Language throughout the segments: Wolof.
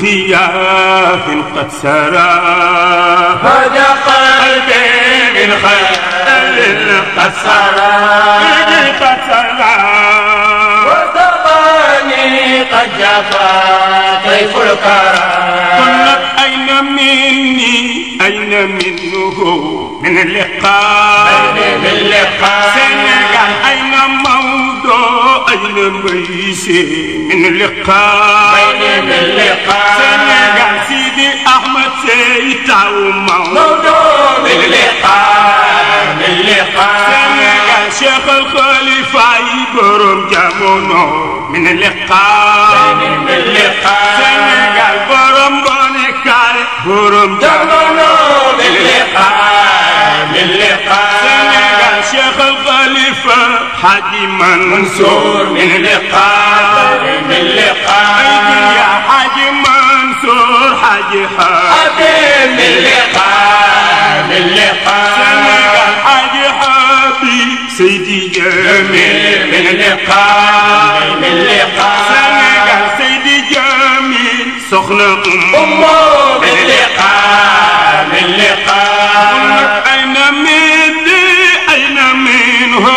في ياف قد سرى فدق قلبي من خير قد سرى قد سرى وسقاني قد جفا طيف الكرى قلت أين مني أين منه من اللقاء من اللقاء سنقال أين موضوع أين بيسي من اللقاء من اللقاء المولود للقاء للقاء سنغال شيخ الخليفة يبرم جامونو من اللقاء من اللقاء سنغال برم بونيكار برم جامونو من اللقاء من اللقاء سنغال شيخ الخليفة حاجي منصور من اللقاء من اللقاء يا حاجي منصور حاجي حبيب من liqaam Sénégal Seydi Djamil soxna ummu bi liqaam liqaam ayna min ayna minhu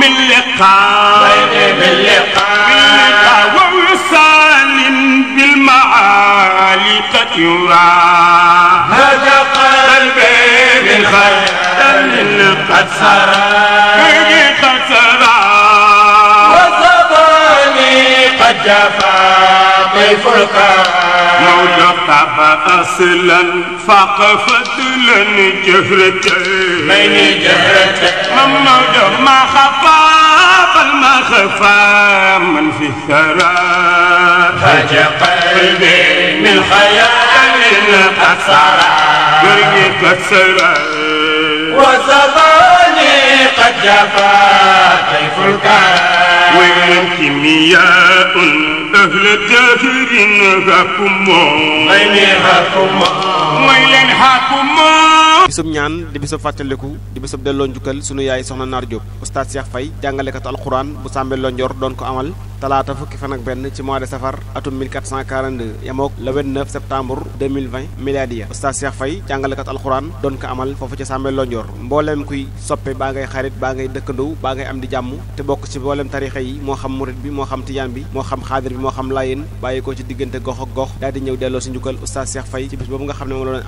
min liqaam min liqaam wa wisalin bil maali qad yura هذا قلبي من خير قد سرى جفا طيف الكرم مولا طبع أصلا فقفت لن جهرته من جهرته من مولا ما خفى بل ما خفى من في الثرى هج قلبي من خيال قد سرى قلبي قد سرى وصفاني قد جفا طيف الكرم وين كميات أهل bisub ñaan di bisub fàttaliku di bisub delloo njukkal sunu yaay soxna Naar Diop oustaz Cheikh Faye jàngalekatu alxuraan bu Sàmbe Londior doon ko amal talaata fukki fan ak benn ci mois de safar atum 1442 yamook le 29 septembre 2020 miladiya oustaz Cheikh Faye jàngalekat alxuraan doon ko amal foofu ca Sàmbe Lonjoor mbooleem kuy soppe baa ngay xarit baa ngay dëkkandow baa ngay am di jàmm te bokk ci mbooleem tarixa yi moo xam murit bi moo xam tijaan bi moo xam xaadir bi moo xam laayeen bàyyi ko ci diggante gox ak gox daal ñëw delloo si njukkal oustaz Cheikh Faye ci bis boobu nga xam loo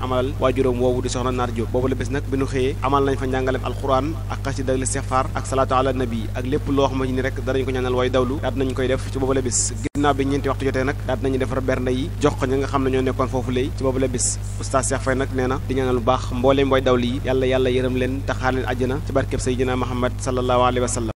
xamante koy def ci boobu la bis ginnaaw bi ñeenti waxtu jotee nag daal defar bernde yi jox nga xam ne ñoo nekkoon foofu lay ci boobu la bis oustaz Cheikh Faye nag nee na di ñaanal baax mbooleem booy daw lii yàlla yàlla yërëm leen taxaar leen àjjana ci barkeb Seydina Muhammad sallallahu alayhi wa